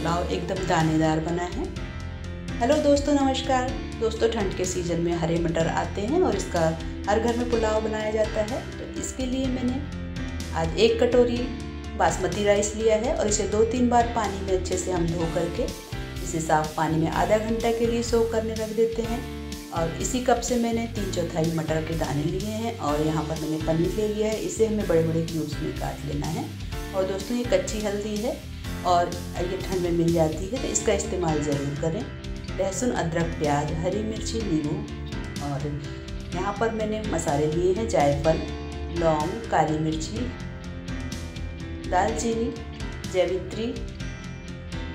पुलाव एकदम दानेदार बना है हेलो दोस्तों नमस्कार दोस्तों ठंड के सीज़न में हरे मटर आते हैं और इसका हर घर में पुलाव बनाया जाता है तो इसके लिए मैंने आज एक कटोरी बासमती राइस लिया है और इसे दो तीन बार पानी में अच्छे से हम धो करके इसे साफ पानी में आधा घंटा के लिए सोव करने रख देते हैं और इसी कप से मैंने तीन चौथाई मटर के दाने लिए हैं और यहाँ पर मैंने पनीर ले लिया है इसे हमें बड़े बड़े क्यूब्स में काट लेना है और दोस्तों ये कच्ची हल्दी है और ये ठंड में मिल जाती है तो इसका इस्तेमाल ज़रूर करें लहसुन अदरक प्याज हरी मिर्ची नींबू और यहाँ पर मैंने मसाले लिए हैं जायफल लौंग काली मिर्ची दालचीनी जैवित्री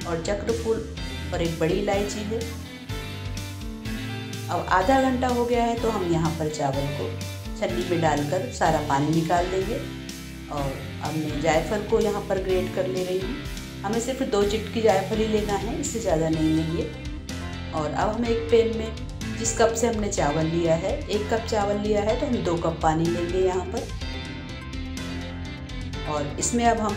और चक्रफूल और एक बड़ी इलायची है अब आधा घंटा हो गया है तो हम यहाँ पर चावल को छन्नी में डालकर सारा पानी निकाल देंगे और अब मैं जायफल को यहाँ पर ग्रेट कर ले रही हूँ हमें सिर्फ दो चिटकी जायफल ही लेना है इससे ज़्यादा नहीं लेंगे और अब हम एक पेन में जिस कप से हमने चावल लिया है एक कप चावल लिया है तो हम दो कप पानी लेंगे यहाँ पर और इसमें अब हम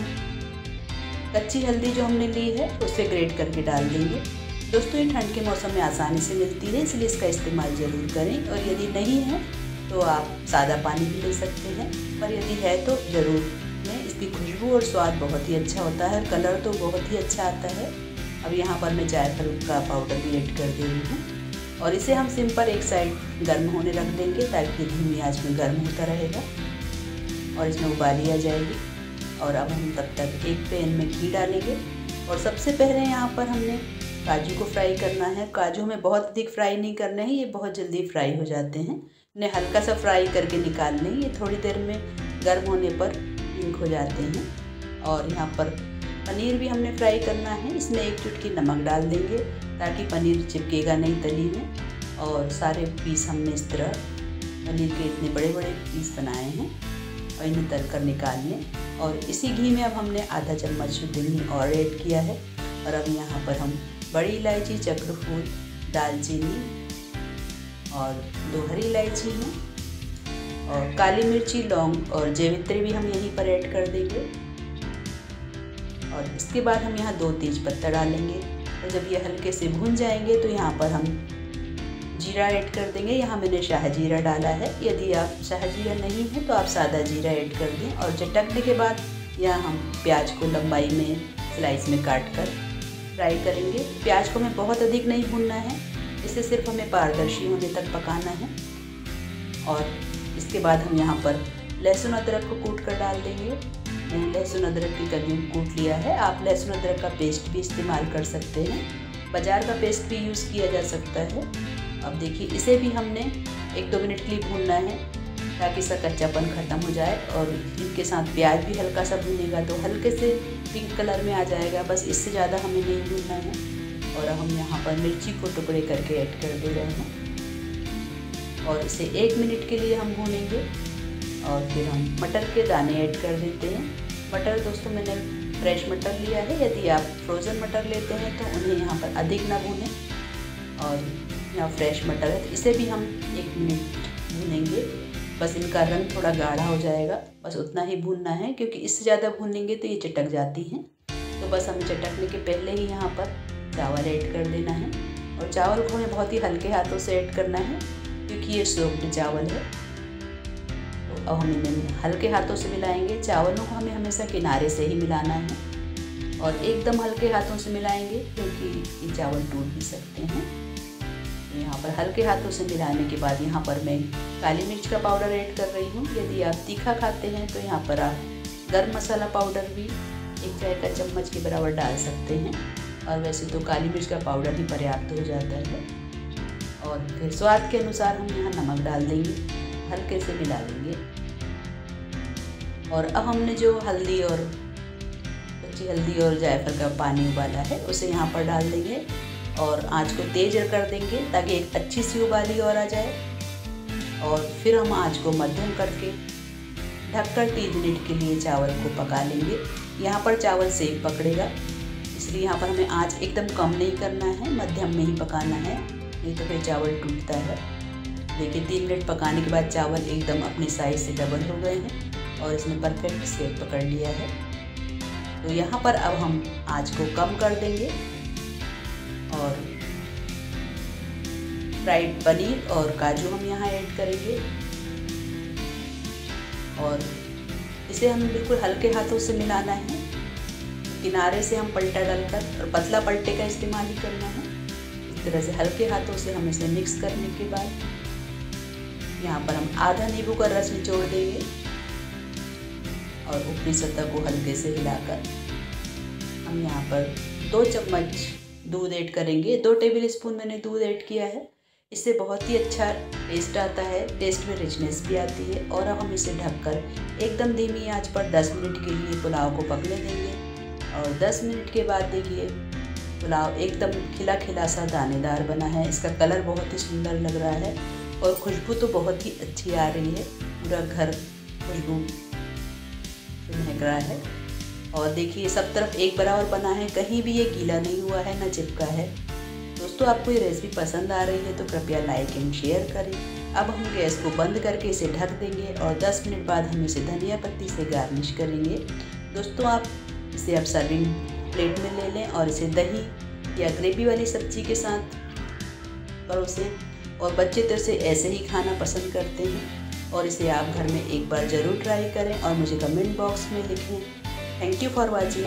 कच्ची हल्दी जो हमने ली है उसे ग्रेट करके डाल देंगे दोस्तों ये ठंड के मौसम में आसानी से मिलती है इसलिए इसका इस्तेमाल ज़रूर करें और यदि नहीं है तो आप सादा पानी भी ले सकते हैं पर यदि है तो ज़रूर में इसकी खुशबू और स्वाद बहुत ही अच्छा होता है कलर तो बहुत ही अच्छा आता है अब यहाँ पर मैं जायफल का पाउडर भी ऐड कर दे रही हूँ और इसे हम सिंपल एक साइड गर्म होने रख देंगे ताकि धीमी आज में गर्म होता रहेगा और इसमें उबाली आ जाएगी और अब हम तब तक एक पैन में घी डालेंगे और सबसे पहले यहाँ पर हमने काजू को फ्राई करना है काजू हमें बहुत अधिक फ्राई नहीं करना है ये बहुत जल्दी फ्राई हो जाते हैं इन्हें हल्का सा फ्राई करके निकाल लें ये थोड़ी देर में गर्म होने पर पिंक हो जाते हैं और यहाँ पर पनीर भी हमने फ्राई करना है इसमें एक चुटकी नमक डाल देंगे ताकि पनीर चिपकेगा नहीं तली में और सारे पीस हमने इस तरह पनीर के इतने बड़े बड़े पीस बनाए हैं और इन्हें तल कर निकाल लें और इसी घी में अब हमने आधा चम्मच शुद्ध घी और ऐड किया है और अब यहाँ पर हम बड़ी इलायची चक्रफूल दालचीनी और दो हरी इलायची हैं और काली मिर्ची लौंग और जैवित्री भी हम यहीं पर ऐड कर देंगे और इसके बाद हम यहाँ दो तेज पत्ता डालेंगे और जब ये हल्के से भून जाएंगे तो यहाँ पर हम जीरा ऐड कर देंगे यहाँ मैंने शाह जीरा डाला है यदि आप शाह जीरा नहीं है तो आप सादा जीरा ऐड कर दें और चटकने के बाद यहाँ हम प्याज को लंबाई में स्लाइस में काट कर फ्राई करेंगे प्याज को हमें बहुत अधिक नहीं भूनना है इसे सिर्फ हमें पारदर्शी होने तक पकाना है और इसके बाद हम यहाँ पर लहसुन अदरक को कूट कर डाल देंगे मैंने लहसुन अदरक की कलियों कूट लिया है आप लहसुन अदरक का पेस्ट भी इस्तेमाल कर सकते हैं बाजार का पेस्ट भी यूज़ किया जा सकता है अब देखिए इसे भी हमने एक दो मिनट के लिए भूनना है ताकि इसका कच्चापन ख़त्म हो जाए और इनके साथ प्याज भी हल्का सा भूनेगा तो हल्के से पिंक कलर में आ जाएगा बस इससे ज़्यादा हमें नहीं भूनना है और हम यहाँ पर मिर्ची को टुकड़े करके ऐड कर दे रहे हैं और इसे एक मिनट के लिए हम भूनेंगे और फिर हम मटर के दाने ऐड कर देते हैं मटर दोस्तों मैंने फ्रेश मटर लिया है यदि आप फ्रोज़न मटर लेते हैं तो उन्हें यहाँ पर अधिक ना भूनें और यहाँ फ्रेश मटर है तो इसे भी हम एक मिनट भूनेंगे बस इनका रंग थोड़ा गाढ़ा हो जाएगा बस उतना ही भूनना है क्योंकि इससे ज़्यादा भूनेंगे तो ये चटक जाती हैं तो बस हमें चटकने के पहले ही यहाँ पर चावल ऐड कर देना है और चावल को हमें बहुत ही हल्के हाथों से ऐड करना है क्योंकि ये सोक्ड चावल है तो अब हम इन्हें हल्के हाथों से मिलाएंगे चावलों को हमें हमेशा किनारे से ही मिलाना है और एकदम हल्के हाथों से मिलाएंगे क्योंकि ये चावल टूट भी सकते हैं तो यहाँ पर हल्के हाथों से मिलाने के बाद यहाँ पर मैं काली मिर्च का पाउडर ऐड कर रही हूँ यदि आप तीखा खाते हैं तो यहाँ पर आप गर्म मसाला पाउडर भी एक चाय का चम्मच के बराबर डाल सकते हैं और वैसे तो काली मिर्च का पाउडर ही पर्याप्त हो जाता है और फिर स्वाद के अनुसार हम यहाँ नमक डाल देंगे हल्के से मिला देंगे और अब हमने जो हल्दी और कच्ची हल्दी और जायफल का पानी उबाला है उसे यहाँ पर डाल देंगे और आँच को तेज कर देंगे ताकि एक अच्छी सी उबाली और आ जाए और फिर हम आँच को मध्यम करके ढककर तीन मिनट के लिए चावल को पका लेंगे यहाँ पर चावल सेब पकड़ेगा इसलिए यहाँ पर हमें आँच एकदम कम नहीं करना है मध्यम में ही पकाना है नहीं तो फिर चावल टूटता है देखिए तीन मिनट पकाने के बाद चावल एकदम अपने साइज से डबल हो गए हैं और इसने परफेक्ट सेप पकड़ लिया है तो यहाँ पर अब हम आँच को कम कर देंगे और फ्राइड पनीर और काजू हम यहाँ ऐड करेंगे और इसे हमें बिल्कुल हल्के हाथों से मिलाना है किनारे से हम पलटा डालकर और पतला पलटे का इस्तेमाल ही करना है तरह से हल्के हाथों से हम इसे मिक्स करने के बाद यहाँ पर हम आधा नींबू का रस निचोड़ देंगे और ऊपरी सतह को हल्के से हिलाकर हम यहाँ पर दो चम्मच दूध ऐड करेंगे दो टेबल स्पून मैंने दूध ऐड किया है इससे बहुत ही अच्छा टेस्ट आता है टेस्ट में रिचनेस भी आती है और अब हम इसे ढककर एकदम धीमी आंच पर 10 मिनट के लिए पुलाव को पकने देंगे और 10 मिनट के बाद देखिए पुलाव एकदम खिला खिला सा दानेदार बना है इसका कलर बहुत ही सुंदर लग रहा है और खुशबू तो बहुत ही अच्छी आ रही है पूरा घर खुशबू महक रहा है और देखिए सब तरफ एक बराबर बना है कहीं भी ये गीला नहीं हुआ है ना चिपका है दोस्तों आपको ये रेसिपी पसंद आ रही है तो कृपया लाइक एंड शेयर करें अब हम गैस को बंद करके इसे ढक देंगे और 10 मिनट बाद हम इसे धनिया पत्ती से गार्निश करेंगे दोस्तों आप इसे आप सर्विंग प्लेट में ले लें और इसे दही या ग्रेवी वाली सब्जी के साथ परोसें और बच्चे तो इसे ऐसे ही खाना पसंद करते हैं और इसे आप घर में एक बार ज़रूर ट्राई करें और मुझे कमेंट बॉक्स में लिखें थैंक यू फॉर वॉचिंग